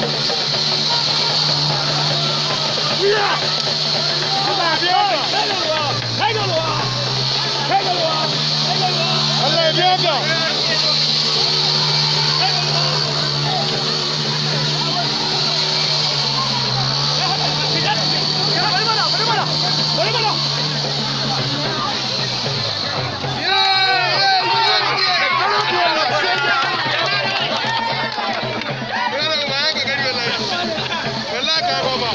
开着了啊！开着了啊！开着了啊！来两个。টাকা বাবা